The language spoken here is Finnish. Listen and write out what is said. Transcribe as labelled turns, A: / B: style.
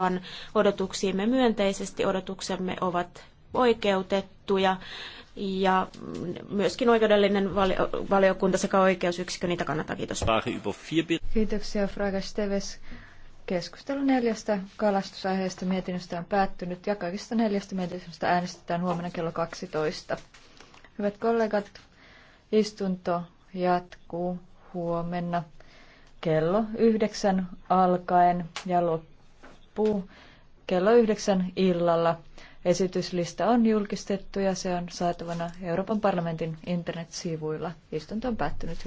A: vastaan odotuksiimme myönteisesti. Odotuksemme ovat oikeutettuja ja myöskin oikeudellinen vali- valiokunta sekä oikeusyksikkö niitä kannattaa. Kiitos.
B: Kiitoksia Fraga Steves. Keskustelu neljästä kalastusaiheesta mietinnöstä on päättynyt ja kaikista neljästä mietinnöstä äänestetään huomenna kello 12. Hyvät kollegat, istunto jatkuu huomenna kello yhdeksän alkaen ja loppuun loppuu kello yhdeksän illalla. Esityslista on julkistettu ja se on saatavana Euroopan parlamentin internetsivuilla. Istunto on päättynyt.